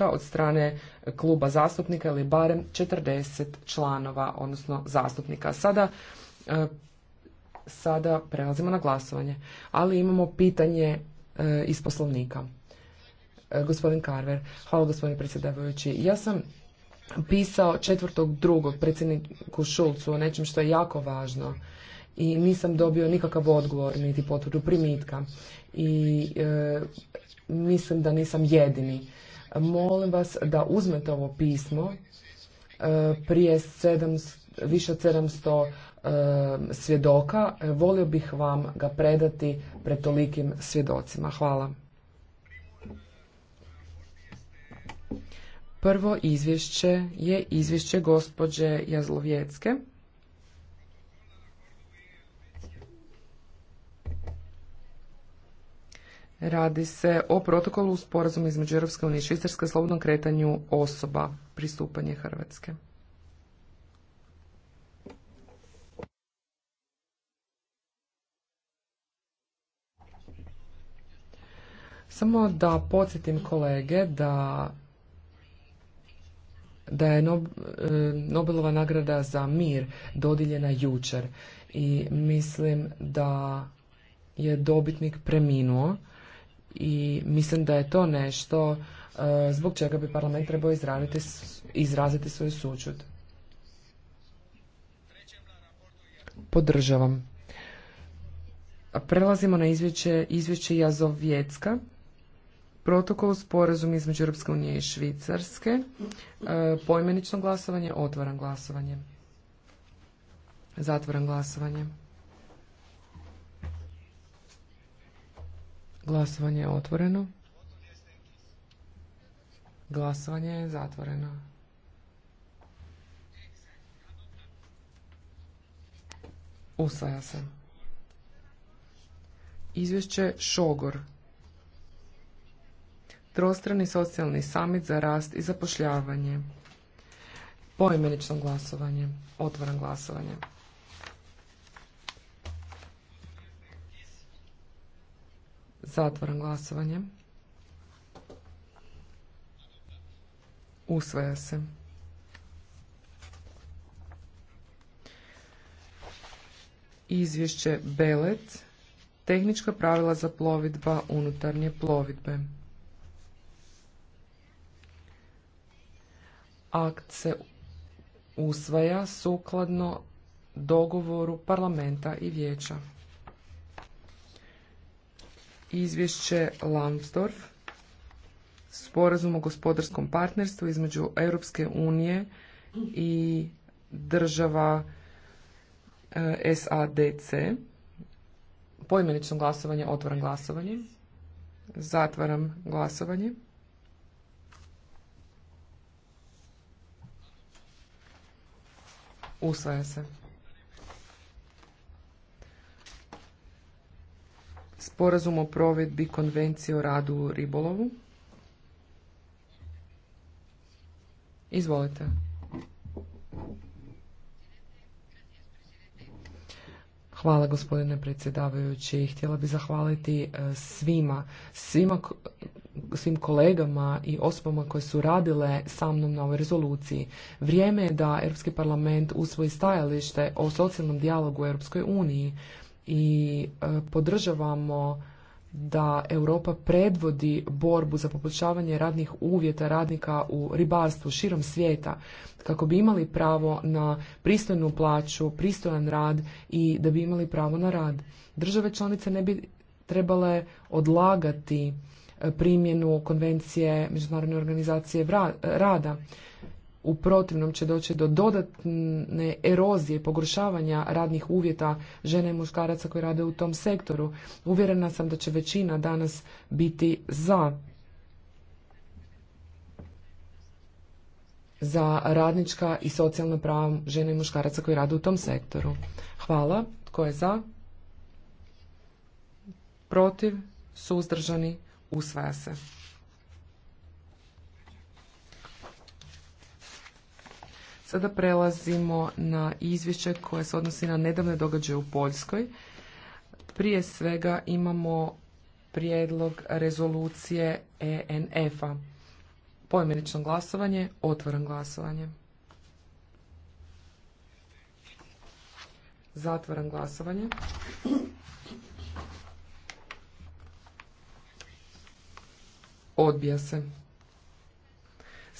od strane kluba zastupnika ili barem 40 članova, odnosno zastupnika. Sada, e, sada prelazimo na glasovanje, ali imamo pitanje e, iz poslovnika. E, gospodin Karver, hvala gospodine predsjedavajući. Ja sam pisao četvrtog drugog predsjedniku Šulcu o nečem što je jako važno i nisam dobio nikakav odgovor niti potvrdu primitka i mislim da nisam jedini. Molim vas da uzmete ovo pismo e, prije sedam, više od 700 e, svjedoka. Volio bih vam ga predati pred tolikim svjedocima. Hvala. Prvo izvješće je izvješće gospođe Jazlovjecke. Radi se o protokolu u sporazumu između Europske unije i Švicarske slobodnom kretanju osoba, pristupanje Hrvatske. Samo da podsjetim kolege da da je e, Nobelova nagrada za mir dodijeljena jučer i mislim da je dobitnik preminuo i mislim da je to nešto e, zbog čega bi parlament trebao izraziti, izraziti svoju sučut. Podržavam. Prelazimo na izvješće, izvješće Jazovjetska. Protokol u sporazum između Europske unije i Švicarske. E, Pojmenično glasovanje, otvoran glasovanje. Zatvoran glasovanje. Glasovanje je otvoreno. Glasovanje je zatvoreno. Usvaja se. Izvješće Šogor. Trostrani socijalni samit za rast i zapošljavanje. Poimenično glasovanje. Otvoran glasovanje. Zatvoram glasovanje. Usvaja se. Izvješće Belet. Tehnička pravila za plovidba unutarnje plovidbe. Akt se usvaja sukladno dogovoru parlamenta i vijeća izvješće Lambsdorff, sporazum o gospodarskom partnerstvu između Europske unije i država eh, SADC. Poimenično glasovanje, otvaram glasovanje. Zatvaram glasovanje. Usvaja se. sporazum o provedbi konvencije o radu u ribolovu. Izvolite. Hvala gospodine predsjedavajući. Htjela bih zahvaliti e, svima, svima svim kolegama i osobama koje su radile sa mnom na ovoj rezoluciji. Vrijeme je da Europski parlament usvoji stajalište o socijalnom dijalogu u Europskoj uniji i e, podržavamo da Europa predvodi borbu za poboljšavanje radnih uvjeta radnika u ribarstvu širom svijeta kako bi imali pravo na pristojnu plaću, pristojan rad i da bi imali pravo na rad. Države članice ne bi trebale odlagati e, primjenu konvencije Međunarodne organizacije rada u protivnom će doći do dodatne erozije, pogoršavanja radnih uvjeta žene i muškaraca koji rade u tom sektoru. Uvjerena sam da će većina danas biti za za radnička i socijalna prava žene i muškaraca koji rade u tom sektoru. Hvala. Tko je za? Protiv? Suzdržani? Usvaja se. Sada prelazimo na izvješće koje se odnosi na nedavne događaje u Poljskoj. Prije svega imamo prijedlog rezolucije ENF-a. Pojmenično glasovanje, otvoren glasovanje. Zatvoren glasovanje. Odbija se.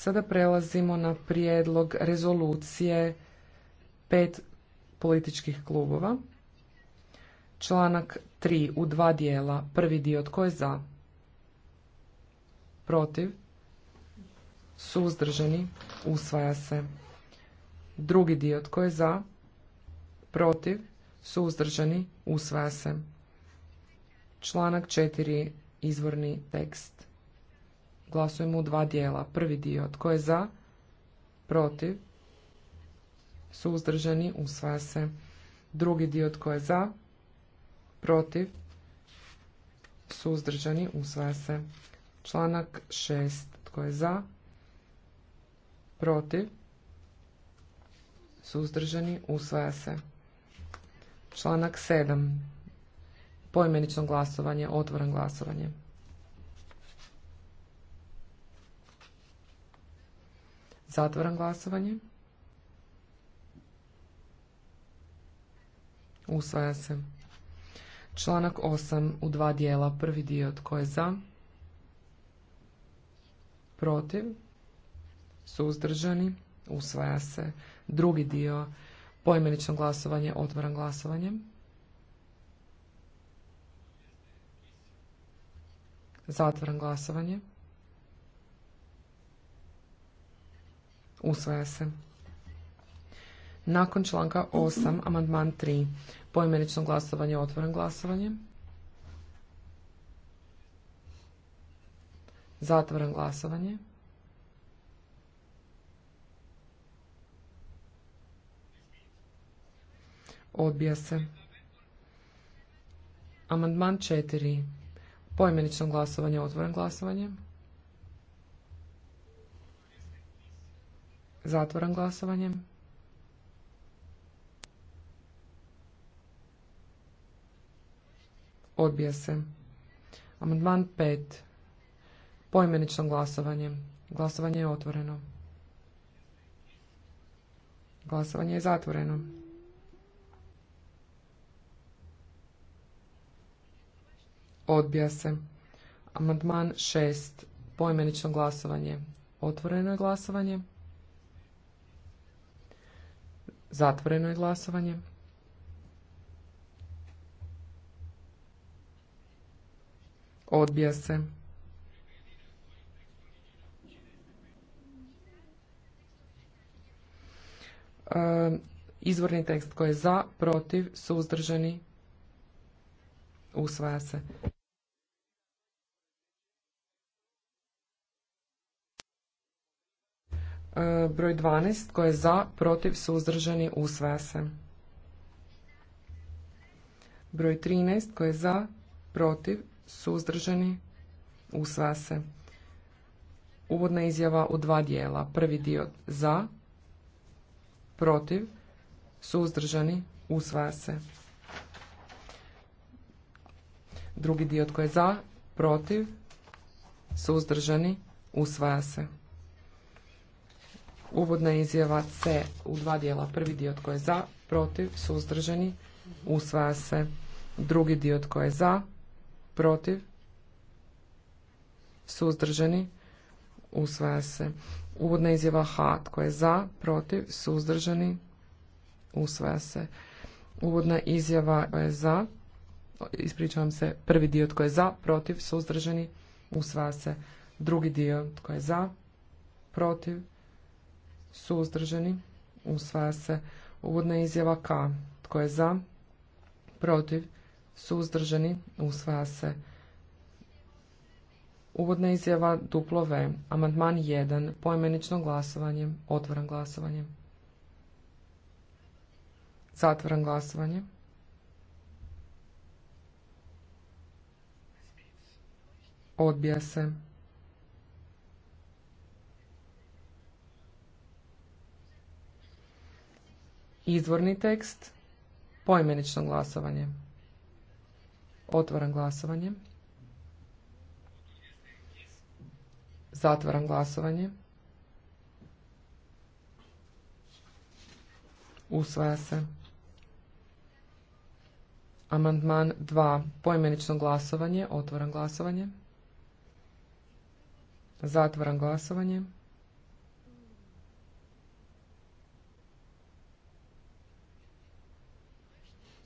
Sada prelazimo na prijedlog rezolucije pet političkih klubova. Članak 3 u dva dijela. Prvi dio tko je za? Protiv? Suzdržani? Usvaja se. Drugi dio tko je za? Protiv? Suzdržani? Usvaja se. Članak 4 izvorni tekst. Glasujemo u dva dijela. Prvi dio tko je za, protiv, suzdržani, usvaja se. Drugi dio tko je za, protiv, suzdržani, usvaja se. Članak 6. Tko je za, protiv, suzdržani, usvaja se. Članak 7. Poimenično glasovanje, otvoren glasovanje. Zatvaram glasovanje. Usvaja se. Članak 8 u dva dijela. Prvi dio tko je za? Protiv? Suzdržani? Usvaja se. Drugi dio poimenično glasovanje. Otvaram glasovanje. Zatvaram glasovanje. Usvaja se. Nakon članka 8, amandman 3, pojmenično glasovanje, otvoren glasovanje. Zatvoren glasovanje. Odbija se. Amandman 4. pojmenično glasovanje, otvoren glasovanje. Zatvoram glasovanje. Odbija se. Amandman 5. Poimenično glasovanje. Glasovanje je otvoreno. Glasovanje je zatvoreno. Odbija se. Amandman 6. Poimenično glasovanje. Otvoreno je glasovanje. Zatvoreno je glasovanje. Odbija se. Ehm, izvorni tekst koji je za, protiv, suzdržani, usvaja se. broj 12 koje je za, protiv, suzdržani, usvaja se. Broj 13 koje je za, protiv, suzdržani, usvaja se. Uvodna izjava u dva dijela. Prvi dio za, protiv, suzdržani, usvaja se. Drugi dio tko je za, protiv, suzdržani, usvaja se. Uvodna izjava se u dva dijela. Prvi dio tko je za, protiv, suzdržani, usvaja se. Drugi dio tko je za, protiv, suzdržani, usvaja se. Uvodna izjava H tko je za, protiv, suzdržani, usvaja se. Uvodna izjava tko je za, ispričavam se, prvi dio tko je za, protiv, suzdržani, usvaja se. Drugi dio tko je za, protiv, suzdržani, usvaja se. Uvodna izjava K. Tko je za? Protiv? Suzdržani? Usvaja se. Uvodna izjava duplo V. Amandman 1. Poimenično glasovanje. Otvoran glasovanje. Zatvoran glasovanje. Odbija se. Izvorni tekst, poimenično glasovanje. Otvaram glasovanje. Zatvaram glasovanje. Usvaja se. Amandman 2. Poimenično glasovanje. Otvaram glasovanje. Zatvaram glasovanje.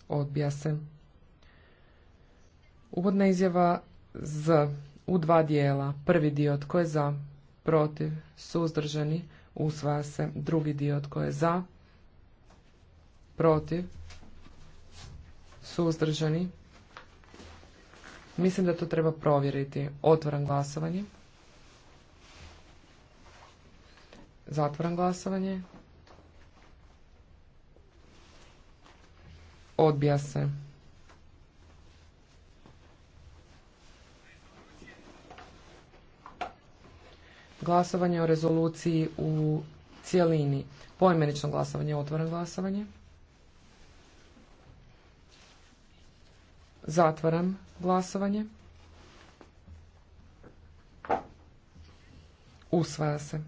odbija se. Uvodna izjava Z u dva dijela. Prvi dio tko je za, protiv, suzdržani, usvaja se. Drugi dio tko je za, protiv, suzdržani. Mislim da to treba provjeriti. Otvoran glasovanje. Zatvoram glasovanje. Odbija se. Glasovanje o rezoluciji u cijelini. Poimenično glasovanje, otvoreno glasovanje. Zatvaram glasovanje. Usvaja se.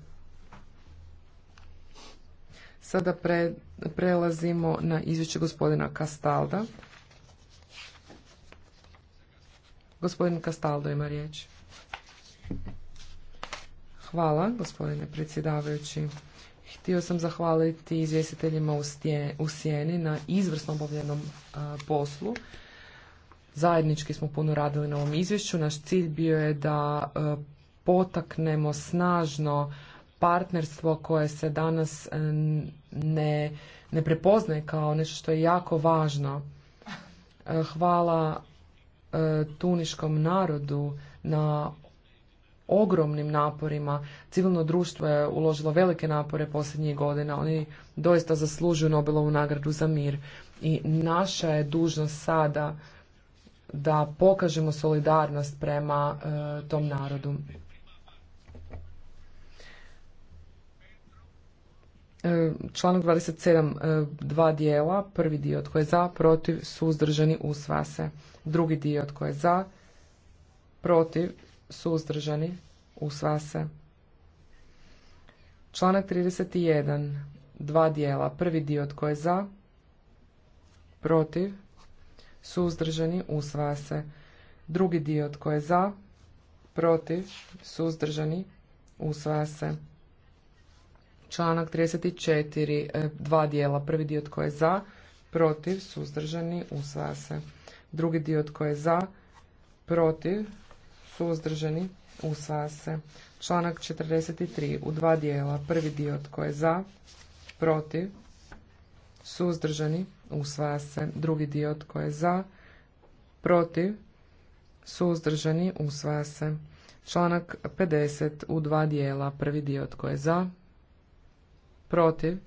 Sada pred Prelazimo na izvješće gospodina Kastalda. Gospodin Kastaldo ima riječ. Hvala, gospodine predsjedavajući. Htio sam zahvaliti izvjestiteljima u Sjeni na izvrsno obavljenom poslu. Zajednički smo puno radili na ovom izvješću. Naš cilj bio je da potaknemo snažno partnerstvo koje se danas e, ne, ne prepoznaje kao nešto što je jako važno. E, hvala e, tuniškom narodu na ogromnim naporima. Civilno društvo je uložilo velike napore posljednjih godina. Oni doista zaslužuju Nobelovu nagradu za mir. I naša je dužnost sada da pokažemo solidarnost prema tom narodu. E, članak 27 e, dva dijela, prvi dio tko je za, protiv, suzdržani, usvaja se. Drugi dio tko je za, protiv, suzdržani, usvaja se. Članak 31 dva dijela, prvi dio tko je za, protiv, suzdržani, usvaja se. Drugi dio tko je za, protiv, suzdržani, usvaja se. Članak 34, e, dva dijela. Prvi dio tko je za, protiv, suzdržani, usvaja se. Drugi dio tko je za, protiv, suzdržani, usvaja se. Članak 43 u dva dijela. Prvi dio tko je za, protiv, suzdržani, usvaja se. Drugi dio tko je za, protiv, suzdržani, usvaja se. Članak 50 u dva dijela. Prvi dio tko je za, protiv,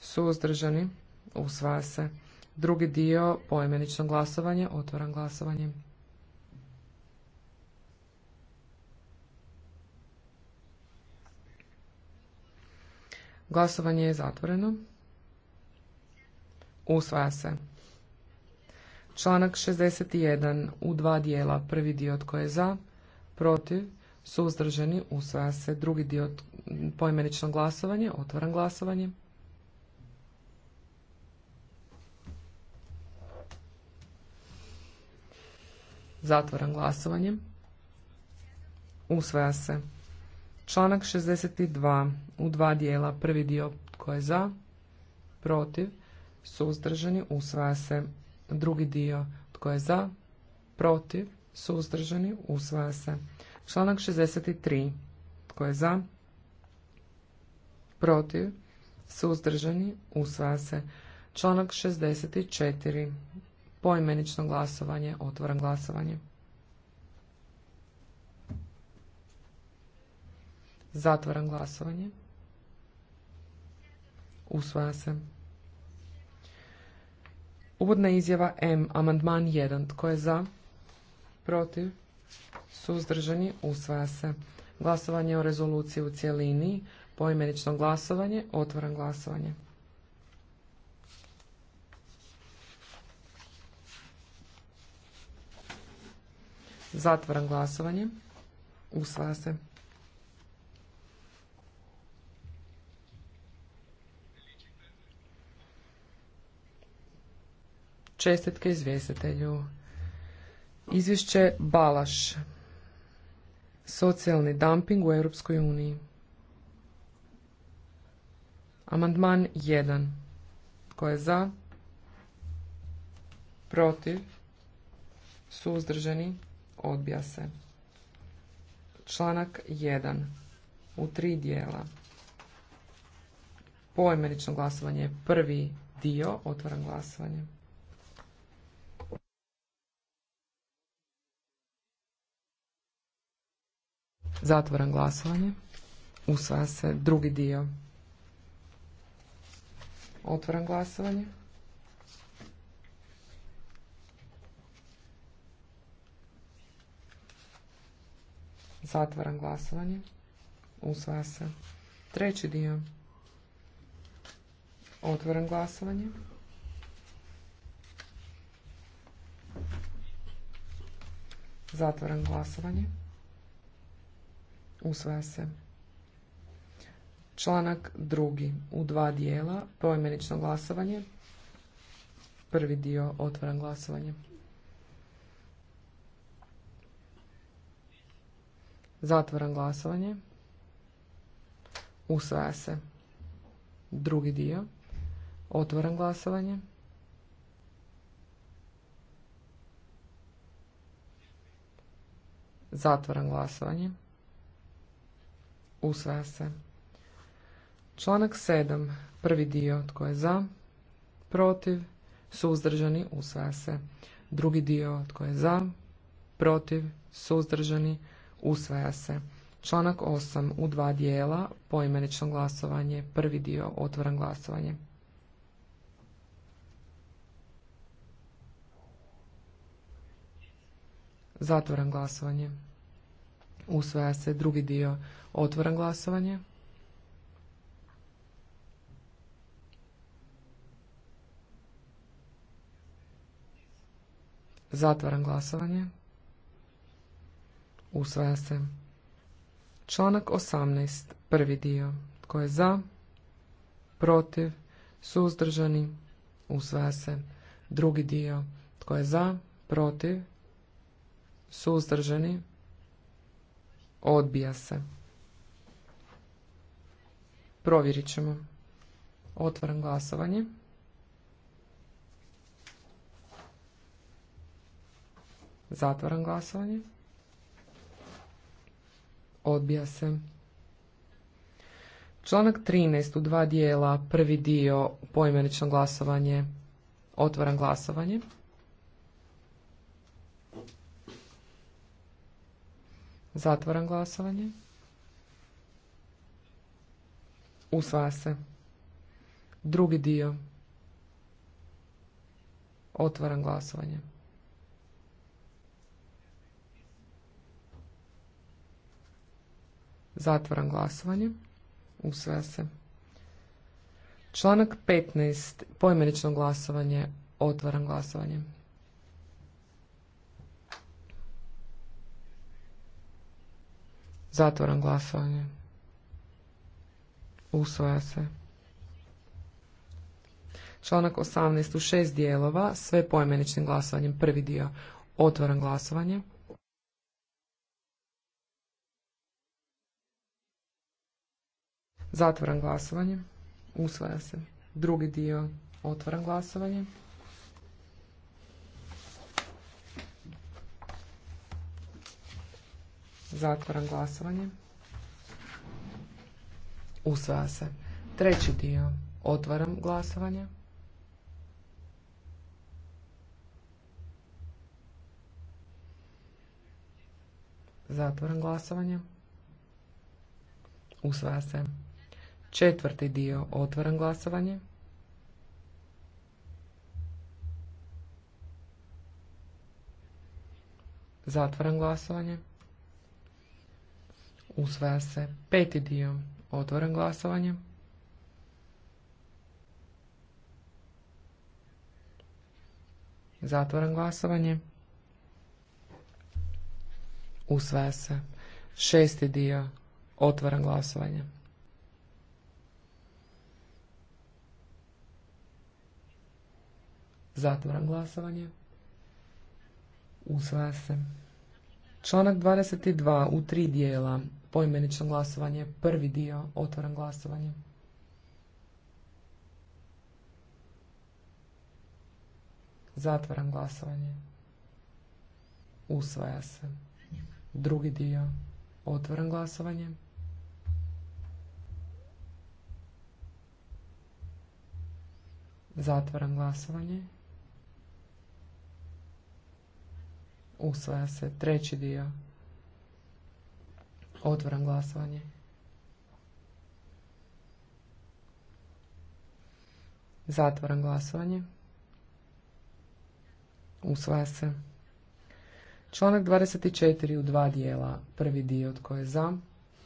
suzdržani, usvaja se. Drugi dio, poimenično glasovanje, otvoran glasovanje. Glasovanje je zatvoreno. Usvaja se. Članak 61 u dva dijela. Prvi dio tko je za, protiv, suzdržani, usvaja se. Drugi dio poimenično glasovanje, otvoram glasovanje. Zatvoram glasovanje. Usvaja se. Članak 62 u dva dijela. Prvi dio tko je za, protiv, suzdržani, usvaja se. Drugi dio tko je za, protiv, suzdržani, usvaja se. Članak 63 tko je za, protiv, suzdržani, usvaja se. Članak 64. Poimenično glasovanje, otvoran glasovanje. Zatvaram glasovanje. Usvaja se. Uvodna izjava M. Amandman 1. Tko je za? Protiv? Suzdržani? Usvaja se. Glasovanje o rezoluciji u cjelini. Poimenično glasovanje. Otvaram glasovanje. Zatvaram glasovanje. Usvaja se. Čestitke izvjestitelju. Izvješće Balaš. Socijalni dumping u Europskoj uniji. Amandman 1. Tko je za? Protiv? Suzdržani? Odbija se. Članak 1. U tri dijela. Poimenično glasovanje. Prvi dio. otvoran glasovanje. Zatvaram glasovanje. Usvaja se drugi dio. Otvaram glasovanje. Zatvaram glasovanje. Usvaja se. Treći dio. Otvaram glasovanje. Zatvaram glasovanje. Usvaja se. Članak drugi u dva dijela, poimenično glasovanje. Prvi dio otvaram glasovanje. Zatvaram glasovanje. Usvaja se. Drugi dio. Otvaram glasovanje. Zatvaram glasovanje. Usvaja se. Članak 7. Prvi dio. Tko je za? Protiv? Suzdržani? Usvaja se. Drugi dio. Tko je za? Protiv? Suzdržani? Usvaja se. Članak 8. U dva dijela. Poimenično glasovanje. Prvi dio. Otvoran glasovanje. Zatvoran glasovanje. Usvaja se drugi dio. Otvoran glasovanje. Zatvaram glasovanje. Usvaja se. Članak 18. Prvi dio. Tko je za? Protiv? Suzdržani? Usvaja se. Drugi dio. Tko je za? Protiv? Suzdržani? Odbija se. Provjerit ćemo. Otvaram glasovanje. Zatvaram glasovanje. Odbija se. Članak 13 u dva dijela, prvi dio poimenično glasovanje, otvaram glasovanje. Zatvaram glasovanje. Usvaja se. Drugi dio. Otvaram glasovanje. Zatvaram glasovanje. Usvaja se. Članak 15. Pojmenično glasovanje. Otvaram glasovanje. Zatvaram glasovanje. Usvaja se. Članak 18. U šest dijelova, sve pojmeničnim glasovanjem. Prvi dio. Otvaram glasovanje. Zatvaram glasovanje. Usvaja se. Drugi dio. Otvaram glasovanje. Zatvoran glasovanje. Usvaja se. Treći dio. Otvaram glasovanje. Zatvoran glasovanje. Usvaja se. Četvrti dio, otvoren glasovanje. Zatvaram glasovanje. Usvaja se peti dio, otvoren glasovanje. Zatvaram glasovanje. Usvaja se šesti dio, otvaram glasovanje. Zatvaram glasovanje. Usvaja se. Članak 22 u tri dijela. Poimenično glasovanje. Prvi dio. otvoram glasovanje. Zatvaram glasovanje. Usvaja se. Drugi dio. otvoram glasovanje. Zatvaram glasovanje. Usvaja se treći dio. Otvoran glasovanje. Zatvoran glasovanje. Usvaja se. Članak 24 u dva dijela. Prvi dio tko je za,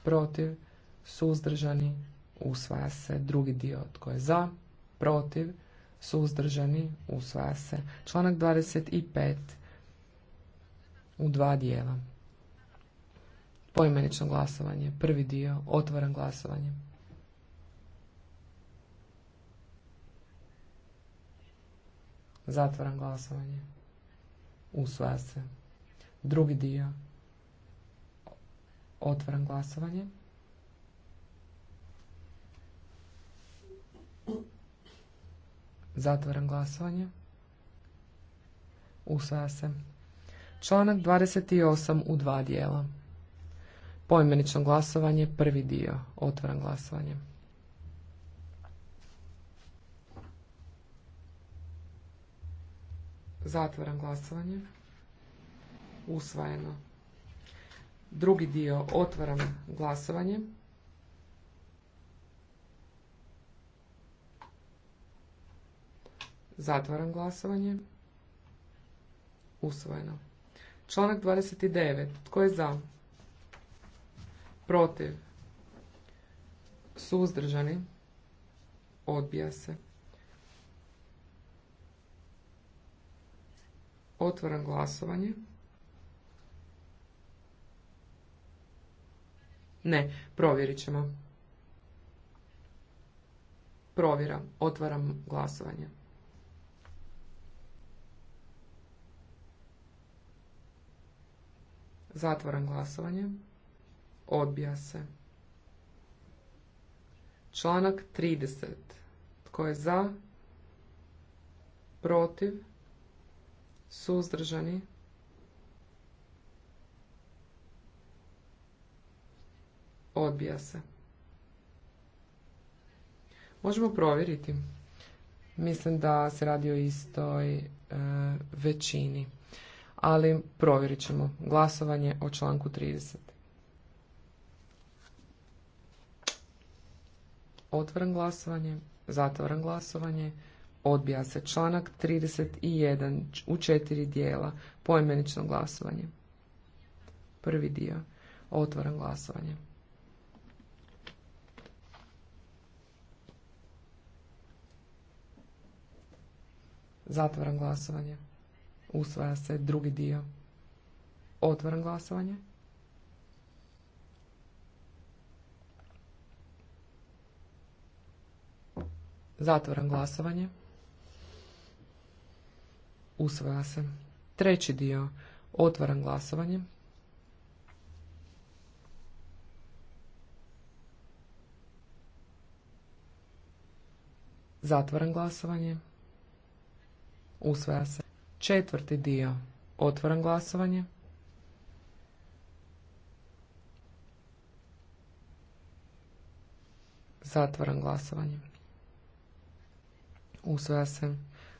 protiv, suzdržani, usvaja se. Drugi dio tko je za, protiv, suzdržani, usvaja se. Članak 25 u dva dijela. Poimenično glasovanje. Prvi dio. Otvaram glasovanje. Zatvaram glasovanje. Usvaja se. Drugi dio. Otvaram glasovanje. Zatvaram glasovanje. Usvaja se. Članak 28 u dva dijela. Poimenično glasovanje, prvi dio. Otvaram glasovanje. Zatvaram glasovanje. Usvajeno. Drugi dio. Otvaram glasovanje. Zatvaram glasovanje. Usvojeno. Članak 29. Tko je za? Protiv? Suzdržani? Odbija se. Otvaram glasovanje. Ne, provjerit ćemo. Provjera. Otvaram glasovanje. Zatvoram glasovanje. Odbija se. Članak 30. Tko je za? Protiv? Suzdržani? Odbija se. Možemo provjeriti. Mislim da se radi o istoj e, većini ali provjerit ćemo glasovanje o članku 30. Otvaram glasovanje, zatvaram glasovanje, odbija se članak 31 u četiri dijela, poimenično glasovanje. Prvi dio, otvaram glasovanje. Zatvaram glasovanje. Usvaja se drugi dio. Otvaram glasovanje. Zatvaram glasovanje. Usvaja se. Treći dio. Otvoren glasovanje. Zatvoren glasovanje. Usvaja se. Četvrti dio. Otvaram glasovanje. Zatvaram glasovanje. Usvaja se.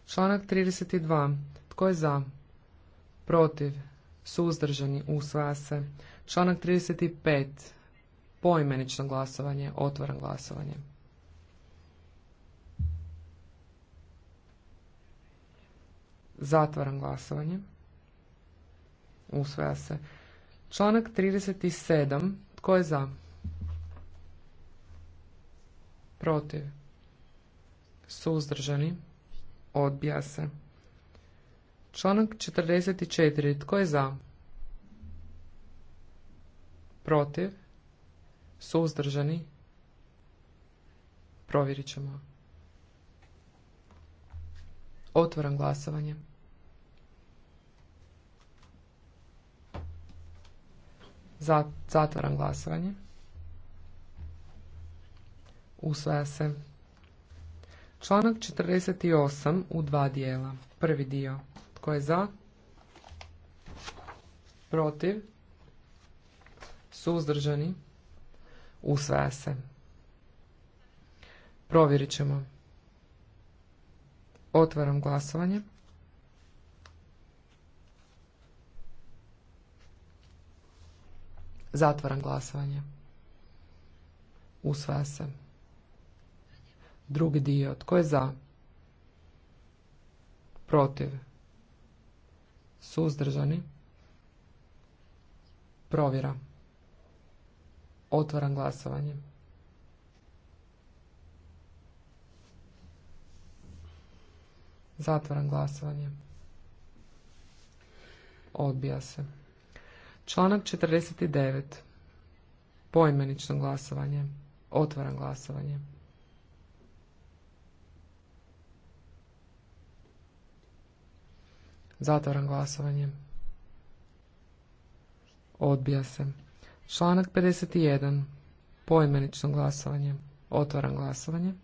Članak 32. Tko je za? Protiv. Suzdržani. Usvaja se. Članak 35. Poimenično glasovanje. Otvaram glasovanje. Zatvaram glasovanje. Usvaja se. Članak 37. Tko je za? Protiv. Suzdržani. Odbija se. Članak 44. Tko je za? Protiv. Suzdržani. Provjerit ćemo. Otvoram glasovanje. Zatvaram glasovanje. Usvaja se. Članak 48 u dva dijela. Prvi dio. Tko je za? Protiv? Suzdržani? Usvaja se. Provjerit ćemo. Otvaram glasovanje. Zatvaram glasovanje. Usvaja se. Drugi dio. Tko je za? Protiv. Suzdržani. Provjera. Otvaram glasovanje. Zatvaram glasovanje. Odbija se. Članak 49. Poimenično glasovanje. Otvoran glasovanje. Zatvoran glasovanje. Odbija se. Članak 51. Poimenično glasovanje. Otvoran glasovanje.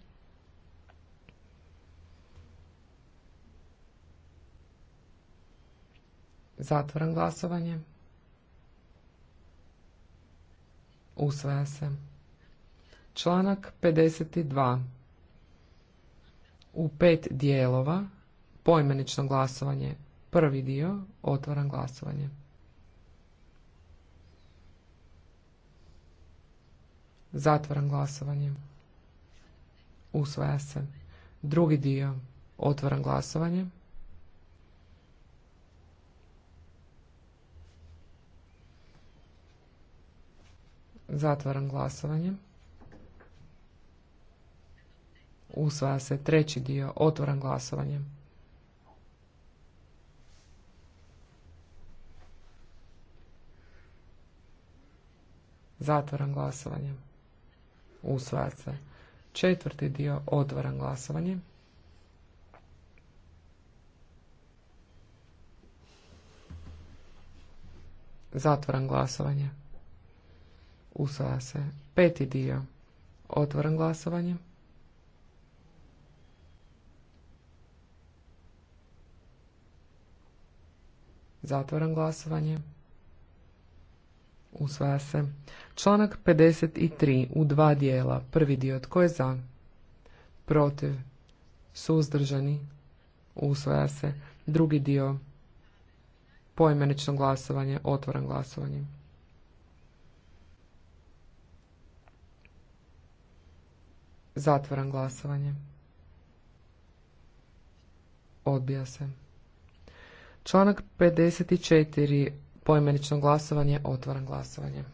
Zatvoran glasovanje. Usvaja se. Članak 52. U pet dijelova poimenično glasovanje. Prvi dio Otvoran glasovanje. Zatvoran glasovanje. Usvaja se. Drugi dio Otvoran glasovanje. Zatvaram glasovanje. Usvaja se treći dio. Otvaram glasovanje. Zatvaram glasovanje. Usvaja se. Četvrti dio. Otvaram glasovanje. Zatvaram glasovanje. Usvaja se. Peti dio. Otvoren glasovanje. Zatvoren glasovanje. Usvaja se. Članak 53 u dva dijela. Prvi dio tko je za? Protiv. Suzdržani. Usvaja se. Drugi dio. Poimenično glasovanje. Otvoren glasovanje. Zatvaram glasovanje. Odbija se. Članak 54. Poimenično glasovanje. Otvaram glasovanje.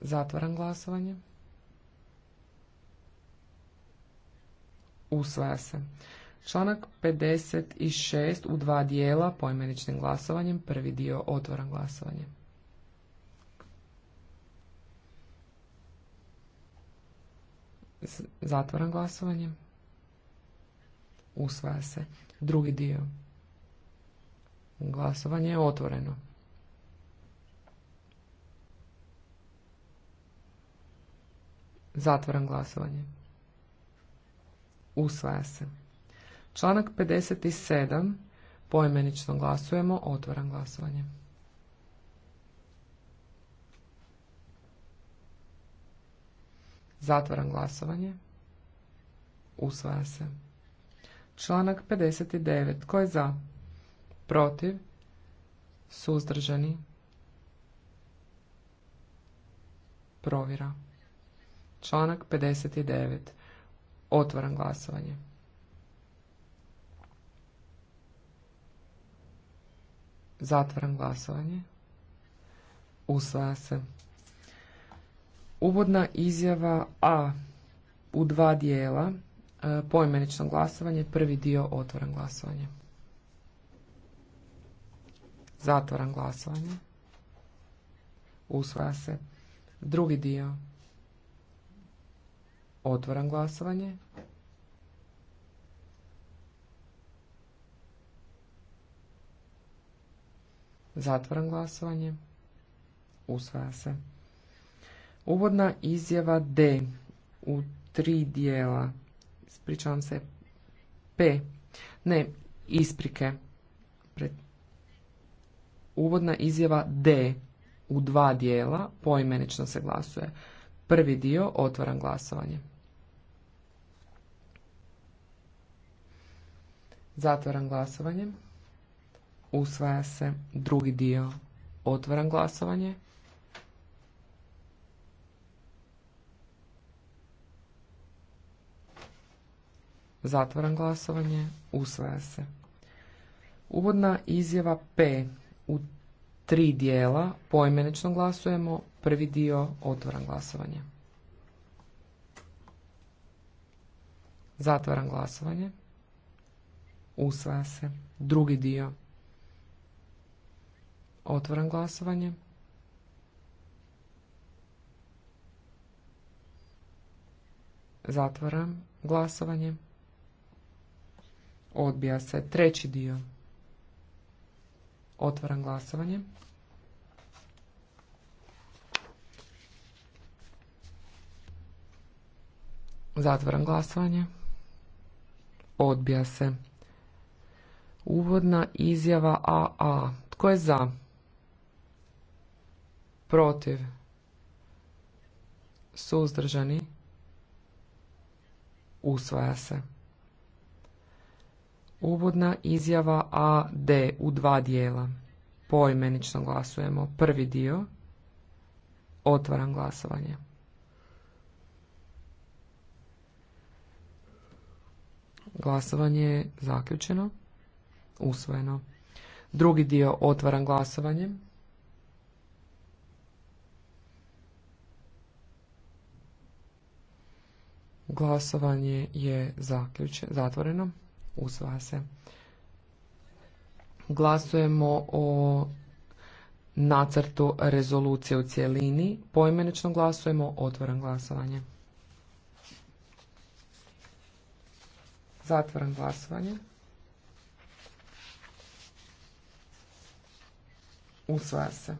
Zatvaram glasovanje. Usvaja se. Članak 56 u dva dijela poimeničnim glasovanjem. Prvi dio otvaram glasovanje. Zatvoran glasovanje. Usvaja se. Drugi dio. Glasovanje je otvoreno. Zatvoran glasovanje. Usvaja se. Članak 57. Poimenično glasujemo. otvoran glasovanje. Zatvaram glasovanje. Usvaja se. Članak 59. Tko je za? Protiv? Suzdržani? Provjera. Članak 59. Otvaram glasovanje. Zatvaram glasovanje. Usvaja se. Uvodna izjava A u dva dijela, e, poimenično glasovanje, prvi dio otvoran glasovanje. Zatvoran glasovanje. Usvaja se. Drugi dio. Otvoran glasovanje. Zatvoran glasovanje. Usvaja se. Uvodna izjava D u tri dijela. Ispričavam se. P. Ne, isprike. Uvodna izjava D u dva dijela poimenično se glasuje. Prvi dio otvaram glasovanje. Zatvaram glasovanje. Usvaja se drugi dio. Otvaram glasovanje. Zatvaram glasovanje. Usvaja se. Uvodna izjava P u tri dijela. Poimenično glasujemo. Prvi dio otvoran glasovanje. Zatvaram glasovanje. Usvaja se. Drugi dio. Otvaram glasovanje. Zatvaram glasovanje. Odbija se. Treći dio. Otvaram glasovanje. Zatvaram glasovanje. Odbija se. Uvodna izjava AA. Tko je za? Protiv? Suzdržani? Usvaja se. Uvodna izjava A D u dva dijela. Poimenično glasujemo. Prvi dio. Otvaram glasovanje. Glasovanje je zaključeno. Usvojeno. Drugi dio otvaram glasovanje. Glasovanje je zatvoreno usvaja se. Glasujemo o nacrtu rezolucije u cjelini. Poimenično glasujemo, otvoran glasovanje. Zatvoran glasovanje. Usvaja se.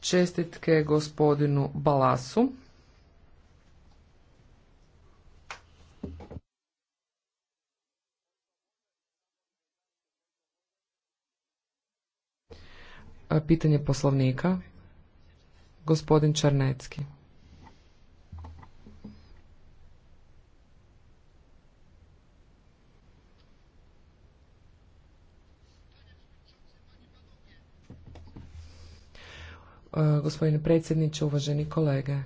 Čestitke gospodinu Balasu. pitanje poslovnika. Gospodin Čarnecki. E, gospodine predsjedniče, uvaženi kolege.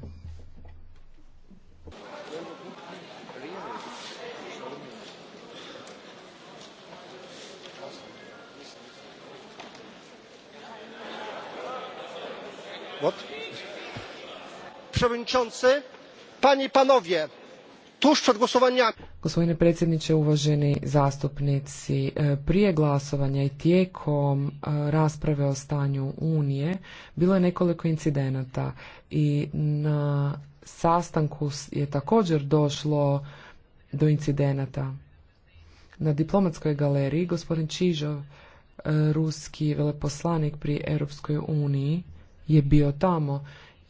przewodniczący! panie gospodine predsjedniče uvaženi zastupnici e, prije glasovanja i tijekom e, rasprave o stanju unije bilo je nekoliko incidenata i na sastanku je također došlo do incidenata. Na diplomatskoj galeriji gospodin Čižov, e, ruski veleposlanik pri Europskoj uniji, je bio tamo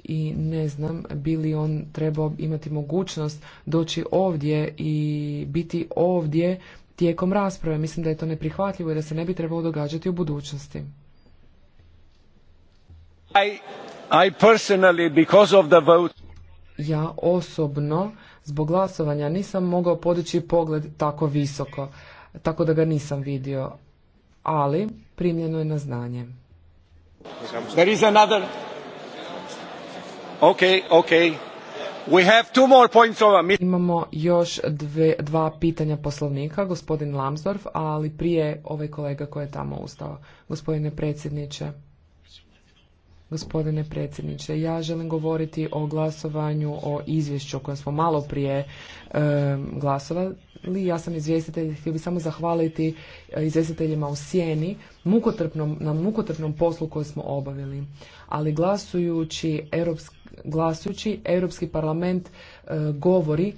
i ne znam bi li on trebao imati mogućnost doći ovdje i biti ovdje tijekom rasprave. Mislim da je to neprihvatljivo i da se ne bi trebalo događati u budućnosti. I personally, because of the vote... Ja osobno zbog glasovanja nisam mogao podići pogled tako visoko, tako da ga nisam vidio, ali primljeno je na znanje. There is another. Okay, okay. We have two more points Imamo još dva pitanja poslovnika, gospodin Lamsdorf, ali prije ovaj kolega koji je tamo ustao. Gospodine predsjedniče, gospodine predsjedniče. Ja želim govoriti o glasovanju o izvješću o kojem smo malo prije e, glasovali. Ja sam izvjestitelj, htio bih samo zahvaliti eh, izvjestiteljima u sjeni mukotrpnom, na mukotrpnom poslu koji smo obavili. Ali glasujući europski, glasujući, Europski parlament eh, govori,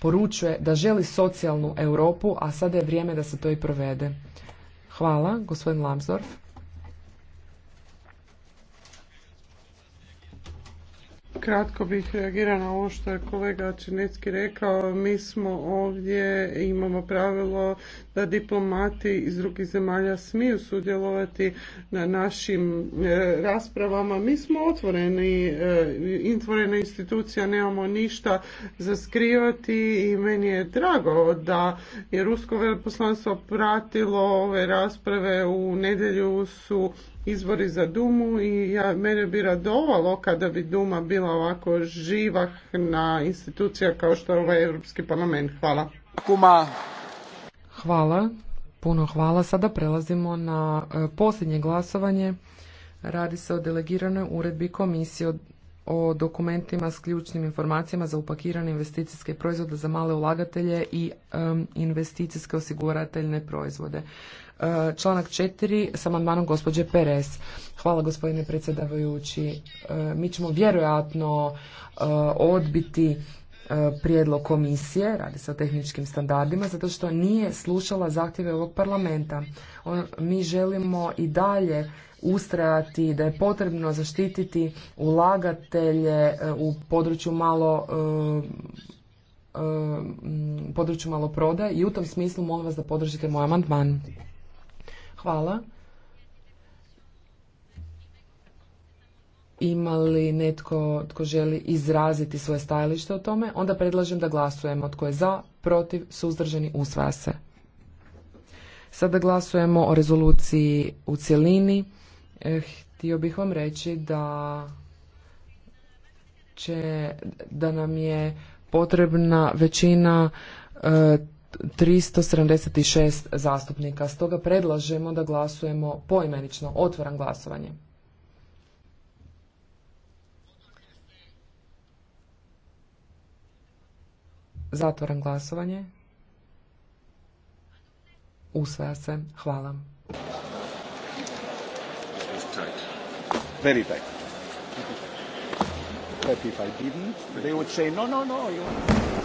poručuje da želi socijalnu Europu, a sada je vrijeme da se to i provede. Hvala, gospodin Lambsdorff. Kratko bih reagirala na ovo što je kolega Činecki rekao. Mi smo ovdje, imamo pravilo da diplomati iz drugih zemalja smiju sudjelovati na našim e, raspravama. Mi smo otvoreni, otvorena e, institucija, nemamo ništa za skrivati i meni je drago da je Rusko veleposlanstvo pratilo ove rasprave. U nedjelju su izbori za Dumu i ja, mene bi radovalo kada bi Duma bila ovako živahna institucija kao što je ovaj Europski parlament. Hvala. Kuma. Hvala, puno hvala. Sada prelazimo na e, posljednje glasovanje. Radi se o delegiranoj uredbi komisije o dokumentima s ključnim informacijama za upakirane investicijske proizvode za male ulagatelje i investicijske osigurateljne proizvode. E, članak 4 sa amandmanom gospođe Perez. Hvala gospodine predsjedavajući. E, mi ćemo vjerojatno e, odbiti prijedlog komisije, radi se o tehničkim standardima, zato što nije slušala zahtjeve ovog parlamenta. Mi želimo i dalje ustrajati da je potrebno zaštititi ulagatelje u području malo području maloprodaje i u tom smislu molim vas da podržite moj amandman. Hvala. Ima li netko tko želi izraziti svoje stajalište o tome? Onda predlažem da glasujemo. Tko je za, protiv, suzdržani, usvaja se. Sada glasujemo o rezoluciji u cjelini. E, htio bih vam reći da će, da nam je potrebna većina e, 376 zastupnika. Stoga predlažemo da glasujemo poimenično. Otvaram glasovanje. Zatvaram glasovanje. Usvaja se. Hvala. Very tight. But if I didn't, they would say no, no, no. You...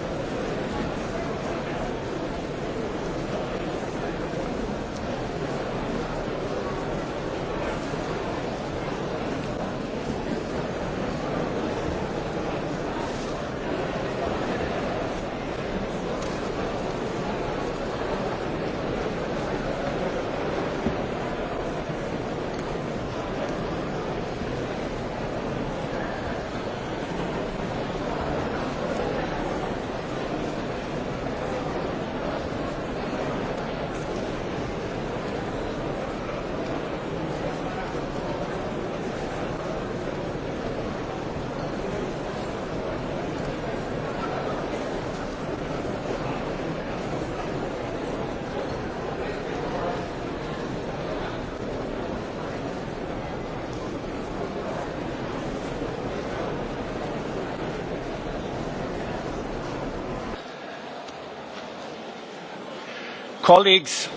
colleagues,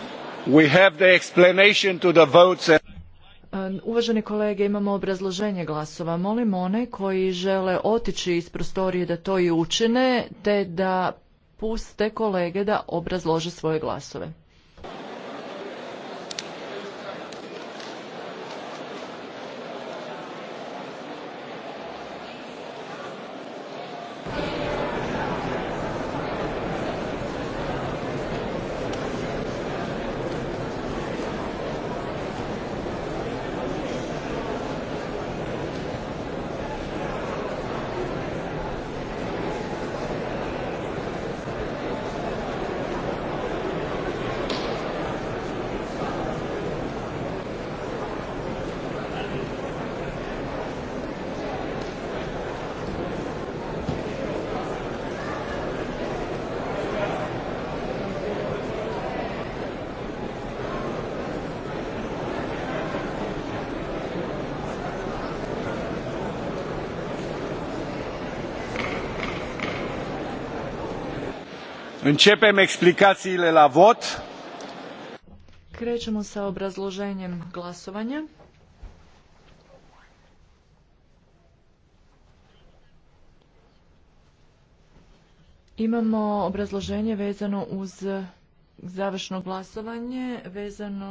Uvaženi kolege, imamo obrazloženje glasova. Molim one koji žele otići iz prostorije da to i učine, te da puste kolege da obrazlože svoje glasove. Începem explicațiile la vot. Krećemo sa obrazloženjem glasovanja. Imamo obrazloženje vezano uz završno glasovanje, vezano